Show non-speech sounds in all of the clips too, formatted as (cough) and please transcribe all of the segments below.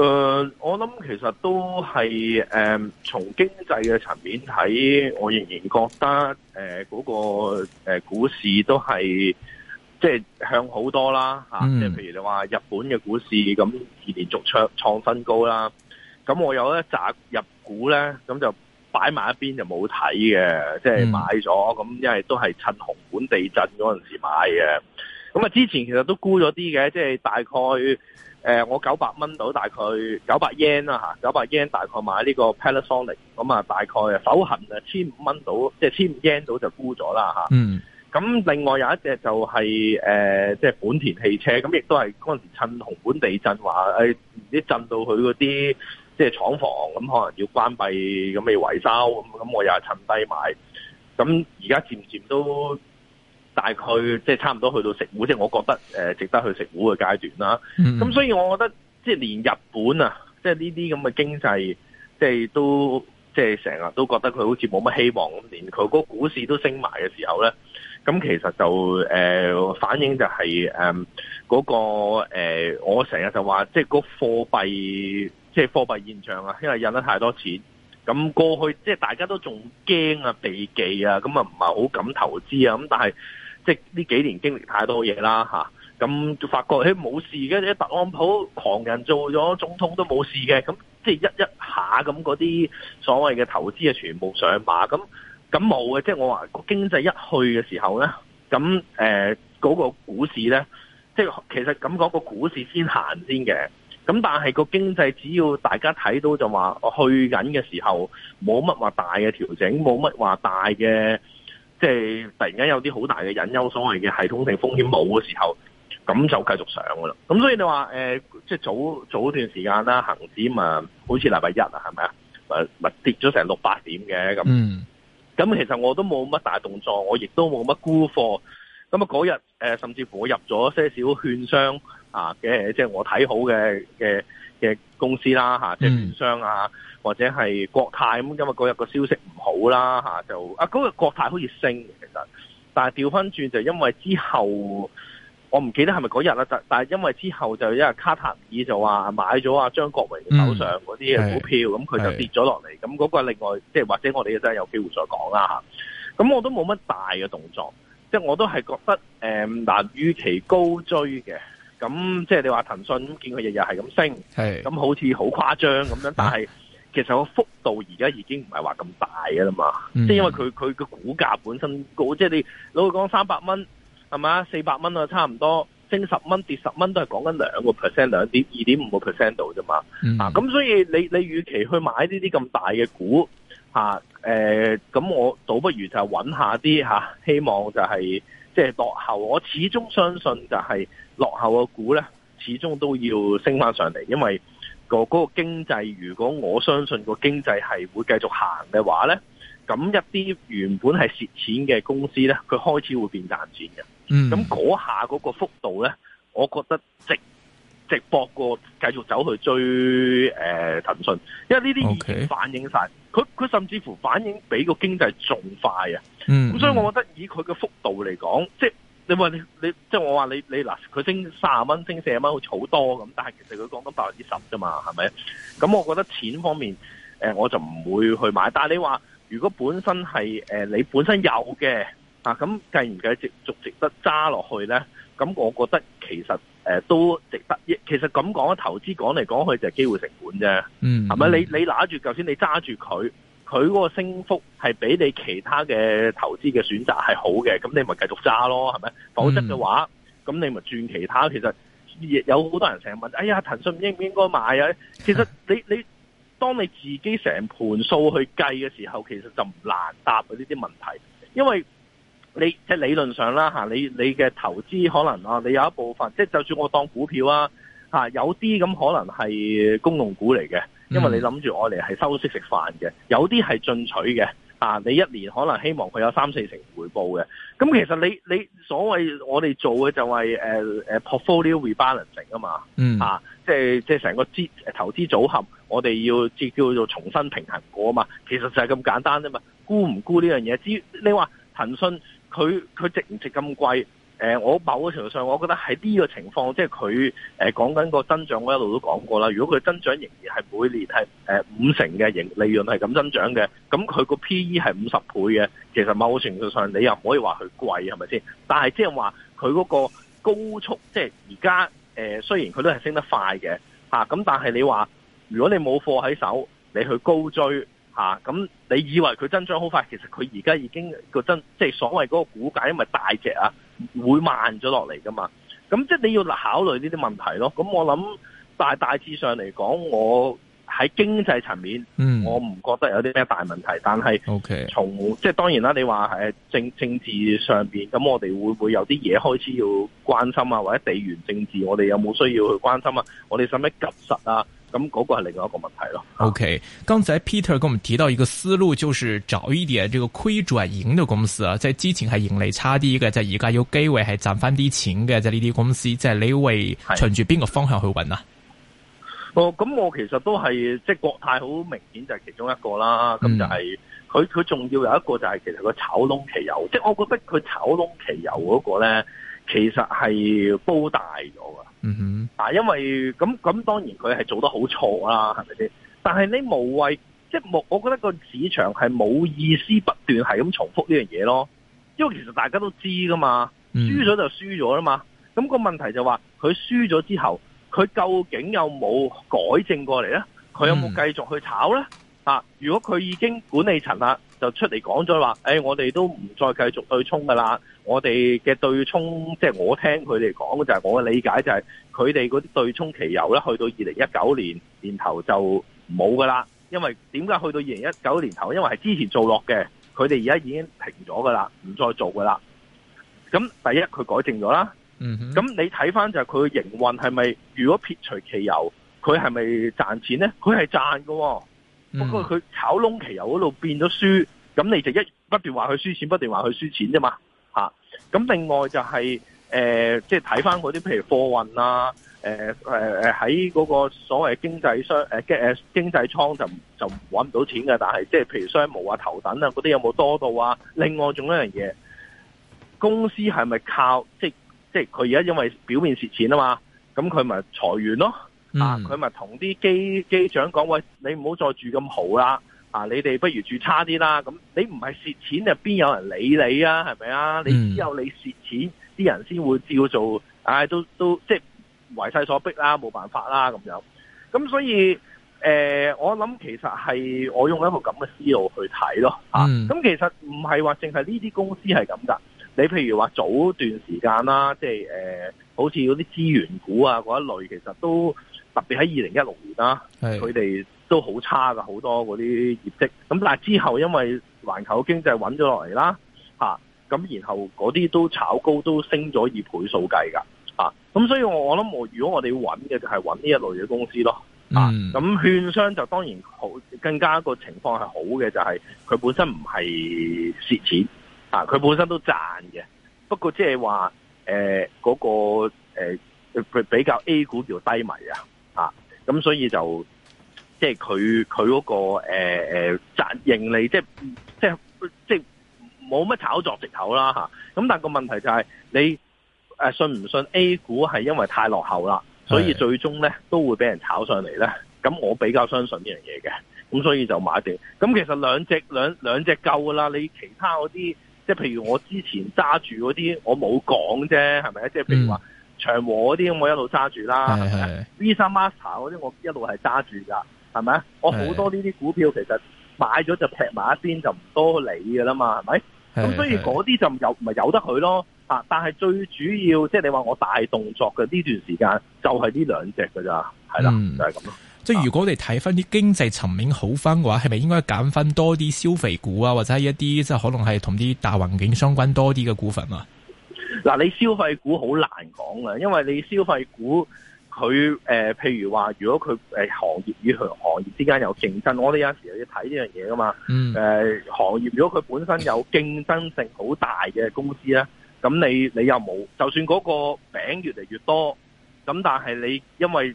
誒、呃，我諗其實都係誒、呃，從經濟嘅層面睇，我仍然覺得誒嗰、呃那個誒、呃、股市都係即係向好多啦吓，即係、mm. 啊、譬如你話日本嘅股市咁而連續創創新高啦，咁我有一扎入股咧，咁就擺埋一邊就冇睇嘅，mm. 即係買咗，咁因為都係趁紅本地震嗰陣時買嘅，咁啊之前其實都沽咗啲嘅，即係大概。誒，我九百蚊到，大概九百 yen 啦吓，九百 yen 大概買呢個 p a l a s o n c 咁啊大概手痕啊千五蚊到，即係千五 yen 到就沽咗啦吓，嗯。咁另外有一隻就係、是、誒，即、呃、係、就是、本田汽車，咁亦都係嗰陣時趁熊本地震話，誒唔、哎、知震到佢嗰啲即係廠房，咁可能要關閉，咁未維修，咁咁我又係趁低買，咁而家漸漸都。大概即係差唔多去到食糊，即係我覺得誒值得去食糊嘅階段啦。咁、嗯、所以我覺得即係連日本啊，即係呢啲咁嘅經濟，即係都即係成日都覺得佢好似冇乜希望咁，連佢個股市都升埋嘅時候咧，咁其實就誒、呃、反映就係誒嗰個誒、呃、我成日就話，即係個貨幣即係貨幣現象啊，因為印得太多錢，咁過去即係大家都仲驚啊避忌啊，咁啊唔係好敢投資啊，咁但係。即係呢幾年經歷太多嘢啦吓，咁就發覺起欸、冇事嘅，你特朗普狂人做咗總統都冇事嘅，咁即係一一下咁嗰啲所謂嘅投資啊，全部上馬咁，咁冇嘅，即係我話經濟一去嘅時候咧，咁誒嗰個股市咧，即係其實咁講個股市先行先嘅，咁但係個經濟只要大家睇到就話去緊嘅時候，冇乜話大嘅調整，冇乜話大嘅。即係突然間有啲好大嘅隱憂，所謂嘅系統性風險冇嘅時候，咁就繼續上㗎啦。咁所以你話、呃、即係早早段時間啦，恆指啊，好似禮拜一啊，係咪啊，咪咪跌咗成六百點嘅咁。咁、嗯、其實我都冇乜大動作，我亦都冇乜沽貨。咁啊嗰日、呃、甚至乎我入咗些少券商啊嘅，即係我睇好嘅嘅嘅公司啦嚇，即係券商啊。嗯啊或者係國泰咁，因為嗰日個消息唔好啦嚇，就啊嗰日國泰好似升，其實，但係調翻轉就因為之後，我唔記得係咪嗰日啦，但但係因為之後就因為卡塔爾就話買咗啊張國榮嘅手上嗰啲股票，咁佢、嗯、就跌咗落嚟，咁、那、嗰個另外即係或者我哋真係有機會再講啦嚇。咁我都冇乜大嘅動作，即係我都係覺得誒嗱，與、嗯、其高追嘅，咁即係你話騰訊見佢日日係咁升，咁是好似好誇張咁樣，但係。嗯。其實個幅度而家已經唔係話咁大嘅啦嘛，即係因為佢佢個股價本身高，即、就、係、是、你老嚟講三百蚊係嘛，四百蚊啊差唔多，升十蚊跌十蚊都係講緊兩個 percent 兩點二點五個 percent 度啫嘛，啊咁、嗯、所以你你與其去買呢啲咁大嘅股嚇誒，咁、啊呃、我倒不如就揾下啲嚇、啊，希望就係即係落後，我始終相信就係落後嘅股咧，始終都要升翻上嚟，因為。個嗰個經濟，如果我相信個經濟係會繼續行嘅話咧，咁一啲原本係蝕錢嘅公司咧，佢開始會變賺錢嘅。嗯，咁嗰下嗰個幅度咧，我覺得直直播過繼續走去追誒騰訊，因為呢啲已經反映晒，佢佢 Okay. 甚至乎反映比個經濟仲快啊。嗯，咁所以我覺得以佢嘅幅度嚟講，即係。你話你你即係、就是、我話你你嗱佢升卅蚊升四十蚊會好多咁，但係其實佢講緊百分之十啫嘛，係咪？咁我覺得錢方面，呃、我就唔會去買。但係你話如果本身係、呃、你本身有嘅啊，咁計唔計值，仲值得揸落去咧？咁我覺得其實、呃、都值得。其實咁講，投資講嚟講去就係機會成本啫。嗯，係咪？你你拿住，就算你揸住佢。佢嗰個升幅係比你其他嘅投資嘅選擇係好嘅，咁你咪繼續揸咯，係咪？否則嘅話，咁你咪轉其他。其實有好多人成日問：「哎呀，騰訊應唔應該買啊？其實你你當你自己成盤數去計嘅時候，其實就唔難答呢啲問題，因為你即係、就是、理論上啦嚇你你嘅投資可能啊，你有一部分即係就算我當股票啊嚇有啲咁可能係公共股嚟嘅。因為你諗住我哋係收息食飯嘅，有啲係進取嘅，啊，你一年可能希望佢有三四成回報嘅。咁其實你你所謂我哋做嘅就係、誒、誒、uh, uh, portfolio rebalancing 啊嘛，嗯、啊，即係即係成個資，投資組合，我哋要即叫做重新平衡過啊嘛。其實就係咁簡單啫嘛，估唔估呢樣嘢？至於你話騰訊佢佢值唔值咁貴？誒，我某個程度上，我覺得喺呢個情況，即係佢誒講緊個增長，我一路都講過啦。如果佢增長仍然係每年係誒五成嘅盈利潤係咁增長嘅，咁佢個 PE 係五十倍嘅，其實某個程度上你又唔可以話佢貴，係咪先？但係即係話佢嗰個高速，即係而家誒，雖然佢都係升得快嘅嚇，咁、啊、但係你話，如果你冇貨喺手，你去高追。啊，咁你以為佢增長好快，其實佢而家已經個增，即係所謂嗰個股價，因為大隻啊，會慢咗落嚟噶嘛。咁即係你要考慮呢啲問題咯。咁我諗大大致上嚟講，我喺經濟層面，嗯、我唔覺得有啲咩大問題。但係，OK，從即係當然啦，你話係政政治上邊，咁我哋會唔會有啲嘢開始要關心啊？或者地緣政治，我哋有冇需要去關心啊？我哋使唔使急實啊？咁嗰個係另外一個問題咯。OK，剛才 Peter 跟我們提到一個思路，就是找一點這個虧轉盈的公司啊，即係之前係盈利差啲嘅，即係而家有機會係賺翻啲錢嘅，即係呢啲公司，即係你會循住邊個方向去揾啊？哦，咁我其實都係即係國泰好明顯就係其中一個啦。咁就係佢佢仲要有一個就係其實個炒窿期油，即係我覺得佢炒窿期油嗰個咧，其實係煲大咗噶。嗯哼，mm hmm. 啊，因為咁咁，當然佢係做得好錯啦，係咪先？但係你無謂，即係冇，我覺得個市場係冇意思，不斷係咁重複呢樣嘢咯。因為其實大家都知噶嘛，輸咗就輸咗啦嘛。咁、那個問題就話，佢輸咗之後，佢究竟有冇改正過嚟咧？佢有冇繼續去炒咧？mm hmm. 啊，如果佢已經管理層啦。就出嚟講咗話，誒、欸，我哋都唔再繼續對沖噶啦。我哋嘅對沖，即、就、係、是、我聽佢哋講嘅就係、是、我嘅理解，就係佢哋嗰啲對沖期油咧，去到二零一九年年頭就冇噶啦。因為點解去到二零一九年頭？因為係之前做落嘅，佢哋而家已經停咗噶啦，唔再做噶啦。咁第一佢改正咗啦。咁你睇翻就係佢營運係咪？如果撇除期油，佢係咪賺錢呢？佢係賺嘅、哦。嗯、不過佢炒燶期油嗰度變咗輸，咁你就一不斷話佢輸錢，不斷話佢輸錢啫嘛，吓、啊。咁另外就係、是、誒，即係睇翻嗰啲譬如貨運啊，誒誒誒，喺、呃、嗰個所謂經濟商誒誒、呃、經濟艙就就搵唔到錢嘅，但係即係譬如商務啊、頭等啊嗰啲有冇多到啊？另外仲有一樣嘢，公司係咪靠即即係佢而家因為表面蝕錢啊嘛，咁佢咪裁員咯？嗯、啊！佢咪同啲機機長講：喂，你唔好再住咁好啦，啊，啊，你哋不如住差啲啦。咁你唔係蝕錢，入邊有人理你啊？係咪啊？你只有你蝕錢，啲人先會照做。唉、哎，都都即係為勢所逼啦，冇辦法啦，咁樣。咁所以，誒、呃，我諗其實係我用一個咁嘅思路去睇咯。嗯、啊，咁其實唔係話淨係呢啲公司係咁噶。你譬如話早段時間啦，即係誒、呃，好似嗰啲資源股啊，嗰一類，其實都。特別喺二零一六年啦，佢哋是都好差噶，好多嗰啲業績。咁但係之後因為環球經濟穩咗落嚟啦，吓、啊、咁然後嗰啲都炒高都升咗二倍數計噶，啊咁所以我我諗我如果我哋要揾嘅就係揾呢一類嘅公司咯，啊咁券、嗯、商，就當然好更加個情況係好嘅，就係佢本身唔係蝕錢啊，佢本身都賺嘅。不過即係話誒嗰個誒比、呃、比較 A 股叫低迷啊。咁所以就即係佢佢嗰個誒誒責盈利即係即係即係冇乜炒作藉口啦吓，咁、啊、但係個問題就係你誒、啊、信唔信 A 股係因為太落後啦，所以最終咧都會俾人炒上嚟咧。咁我比較相信呢樣嘢嘅，咁所以就買啲。咁其實兩隻兩兩隻夠噶啦，你其他嗰啲即係譬如我之前揸住嗰啲，我冇講啫，係咪啊？即係譬如話、嗯。長和嗰啲咁，我一路揸住啦。Visa Master 嗰啲，我一路係揸住噶，係咪啊？我好多呢啲股票其實買咗就劈埋一邊，就唔多理嘅啦嘛，係咪？咁是是 所以嗰啲就唔有唔係由得佢咯。啊！但係最主要即係你話我大動作嘅呢段時間，就係、是、呢兩隻嘅咋，係啦，就係咁咯。即係、嗯啊、如果我哋睇翻啲經濟層面好翻嘅話，係咪應該減翻多啲消費股啊，或者係一啲即係可能係同啲大環境相關多啲嘅股份啊？嗱，你消費股好難講啊，因為你消費股佢誒、呃，譬如話，如果佢誒、呃、行業與行，行業之間有競爭，我哋有時又要睇呢樣嘢噶嘛。誒、呃，行業如果佢本身有競爭性好大嘅公司咧，咁你你又冇，就算嗰個餅越嚟越多，咁但係你因為。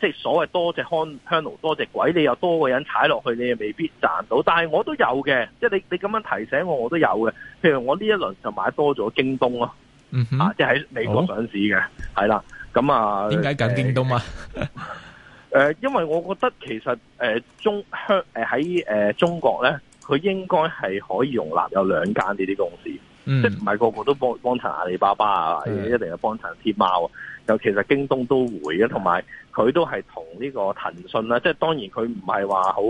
即係所謂多隻香香爐多隻鬼，你又多個人踩落去，你又未必賺到。但係我都有嘅，即係你你咁樣提醒我，我都有嘅。譬如我呢一輪就買多咗京東咯，嗯、哼啊，即係喺美國上市嘅，係啦、哦。咁啊，點解揀京東啊？誒、 (laughs) 呃，因為我覺得其實誒、呃、中香誒喺誒中國咧，佢應該係可以容納有兩間呢啲公司。嗯、即係唔係個個都幫幫襯阿里巴巴啊？嗯、一定要幫襯天貓啊？尤其實京東都會同埋佢都係同呢個騰訊啦。即係當然佢唔係話好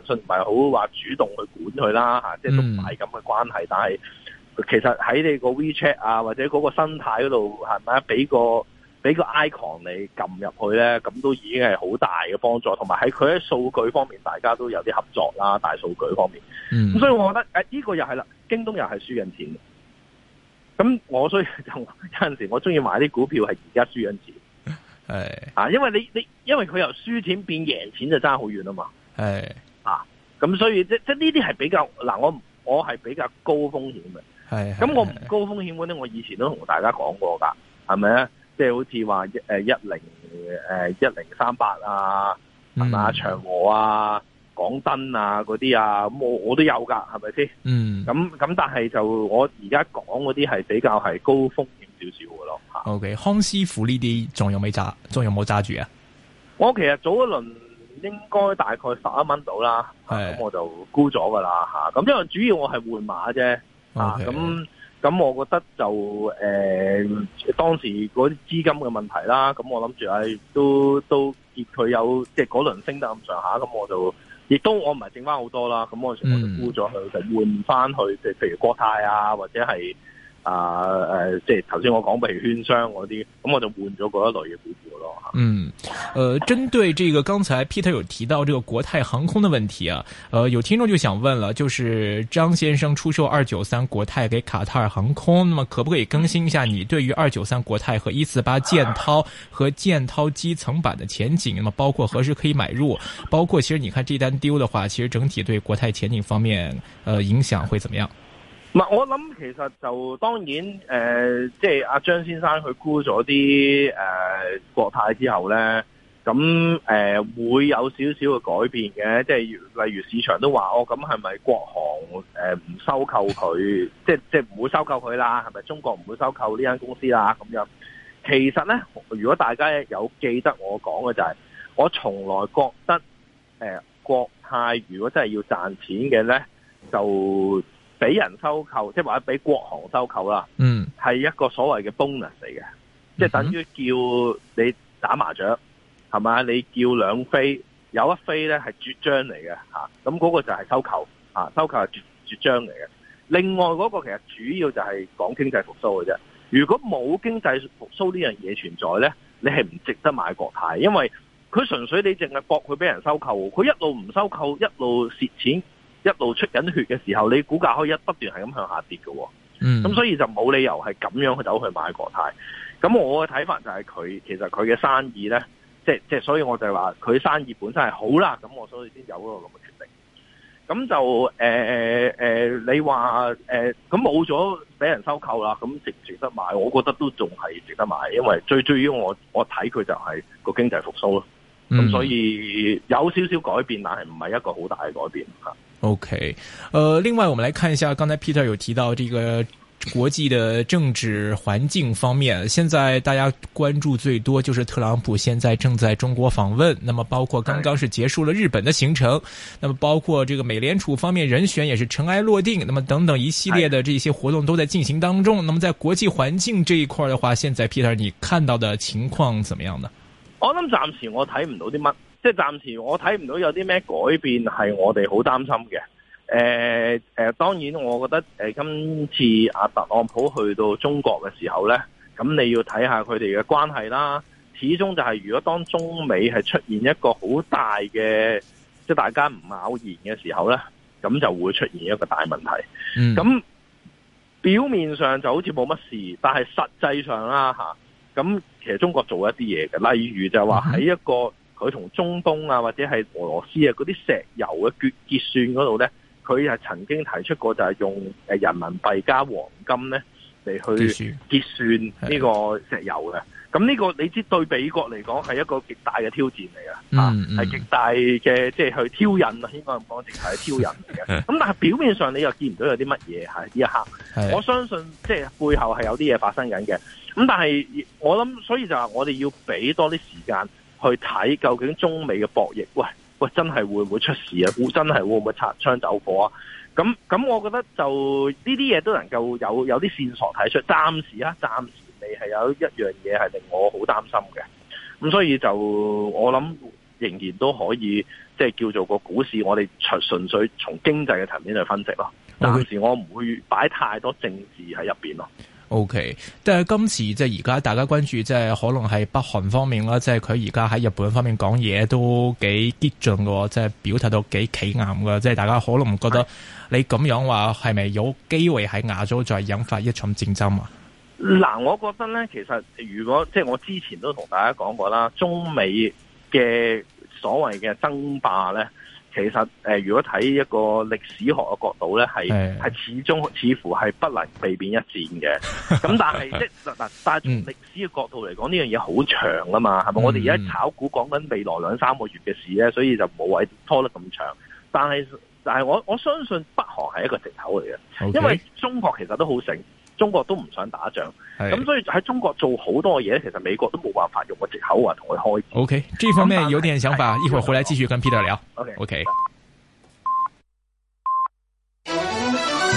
騰訊唔係好話主動去管佢啦，即都唔係咁嘅關係。但係其實喺你個 WeChat 啊，或者嗰個生態嗰度係咪俾個俾個 icon 你撳入去咧，咁都已經係好大嘅幫助。同埋喺佢喺數據方面，大家都有啲合作啦，大數據方面。咁、嗯、所以我覺得誒呢、呢個又係啦，京東又係輸緊錢。咁我所以就有陣時我中意買啲股票係而家輸緊錢，係啊，因為你你因為佢由輸錢變贏錢就差好遠啦嘛，係啊，咁、啊、所以即即呢啲係比較嗱，我我係比較高風險嘅，係，咁我高風險嗰啲我以前都同大家講過噶，係咪？即係好似話一誒一零誒一零三八啊，係咪啊長和啊？港燈啊，嗰啲啊，咁我我都有噶，係咪先？嗯，咁咁，但係就我而家講嗰啲係比較係高風險少少嘅咯。Okay，康師傅呢啲仲有未揸？仲有冇揸住啊？我其實早一輪應該大概十一蚊到啦，係咁係、啊、我就沽咗噶啦吓。咁因為主要我係換馬啫，Okay. 啊，咁咁，我覺得就誒、呃，當時嗰啲資金嘅問題啦，咁我諗住係都都結佢有，即係嗰輪升得咁上下，咁我就。亦都我唔係剩翻好多啦，咁我我就沽咗佢，就換翻去即譬如國泰啊，或者係。啊呃，即係頭先我講譬如券商嗰啲，咁我，我就換咗嗰一類嘅股票咯。嗯，誒、呃，針對這個剛才 Peter 有提到這個國泰航空的問題啊，呃有聽眾就想問了，就是張先生出售二九三國泰給卡塔爾航空，那麼可不可以更新一下你對於二九三國泰和一四八建滔和建滔積層板的前景，那麼包括何時可以買入，包括其實你看這單丟嘅話，其實整體對國泰前景方面，呃影響會怎麼樣？唔，我諗其實就當然，誒、呃，即係阿張先生佢沽咗啲誒國泰之後咧，咁誒、呃、會有少少嘅改變嘅，即係例如市場都話哦，咁係咪國航誒唔收購佢，即係即係唔會收購佢啦？係咪中國唔會收購呢間公司啦？咁樣，其實咧，如果大家有記得我講嘅就係、是，我從來覺得誒、呃、國泰如果真係要賺錢嘅咧，就。俾人收購，即係話俾國航收購啦，係、嗯、一個所謂嘅 bonus 嚟嘅，即係等於叫你打麻雀係嘛？你叫兩飛有一飛咧係絕張嚟嘅嚇，咁、啊、嗰、那個就係收購啊，收購係絕絕張嚟嘅。另外嗰個其實主要就係講經濟復甦嘅啫。如果冇經濟復甦呢樣嘢存在咧，你係唔值得買國泰，因為佢純粹你淨係博佢俾人收購，佢一路唔收購一路蝕錢。一路出緊血嘅時候，你股價可以一不斷係咁向下跌嘅、哦，咁、嗯、所以就冇理由係咁樣去走去買國泰。咁我嘅睇法就係佢其實佢嘅生意咧，即即所以我就係話佢生意本身係好啦，咁我所以先有嗰個咁嘅決定。咁就誒誒、呃呃，你話誒咁冇咗俾人收購啦，咁值唔值得買？我覺得都仲係值得買，因為最主要我我睇佢就係個經濟復甦咯。咁所以有少少改變，但係唔係一個好大嘅改變吓。OK，呃，另外我們來看一下，剛才 Peter 有提到這個國際的政治環境方面，現在大家關注最多就是特朗普現在正在中國訪問，那麼包括剛剛是結束了日本的行程，那麼包括這個美聯儲方面人選也是塵埃落定，那麼等等一系列的這些活動都在進行當中。那麼在國際環境這一塊的話，現在 Peter 你看到的情況怎麼樣呢？我諗暫時我睇唔到啲乜。即係暫時我睇唔到有啲咩改變係我哋好擔心嘅。誒、呃、誒、呃，當然我覺得誒、呃，今次阿特朗普去到中國嘅時候咧，咁你要睇下佢哋嘅關係啦。始終就係如果當中美係出現一個好大嘅，即、就、係、是、大家唔咬弦嘅時候咧，咁就會出現一個大問題。咁、嗯、表面上就好似冇乜事，但係實際上啦、啊、吓，咁、啊、其實中國做一啲嘢嘅，例如就係話喺一個。佢同中東啊，或者係俄羅斯啊，嗰啲石油嘅結結算嗰度咧，佢係曾經提出過，就係用誒人民幣加黃金咧嚟去結算呢個石油嘅、啊。咁呢個你知對美國嚟講係一個極大嘅挑戰嚟、嗯嗯、啊，係係極大嘅，即、就、係、是、去挑釁啊！應該唔講直係挑釁嚟嘅。咁 (laughs) 但係表面上你又見唔到有啲乜嘢喺呢一刻。是的 我相信即係、就是、背後係有啲嘢發生緊嘅。咁但係我諗，所以就話我哋要俾多啲時間。去睇究竟中美嘅博弈，喂喂，真係會唔會出事啊？真係會唔會擦槍走火啊？咁咁，我覺得就呢啲嘢都能夠有有啲線索睇出。暫時啊，暫時未係有一樣嘢係令我好擔心嘅。咁所以就我諗仍然都可以即係、就是、叫做個股市，我哋純粹從經濟嘅層面去分析咯。暫時我唔會擺太多政治喺入邊咯。OK，但係今次即係而家大家關注，即係可能係北韓方面啦，即係佢而家喺日本方面講嘢都幾激進嘅喎，即係表達到幾企硬嘅，即係大家可能覺得你咁樣話係咪有機會喺亞洲再引發一場戰爭啊？嗱，我覺得咧，其實如果即係我之前都同大家講過啦，中美嘅所謂嘅爭霸咧。其實，呃、如果睇一個歷史學嘅角度咧，係係始終似乎係不能避免一戰嘅。咁但係即係嗱， (laughs) 但係從歷史嘅角度嚟講，呢、嗯、樣嘢好長啊嘛，係咪？嗯、我哋而家炒股講緊未來兩三個月嘅事咧，所以就冇位拖得咁長。但係但係，我我相信北韓係一個藉口嚟嘅，因為中國其實都好醒。中國都唔想打仗，咁所以喺中國做好多嘢，其實美國都冇辦法用個借口話同佢開戰。OK，呢方面有啲想法，一會回來繼續跟 Peter 聊。OK。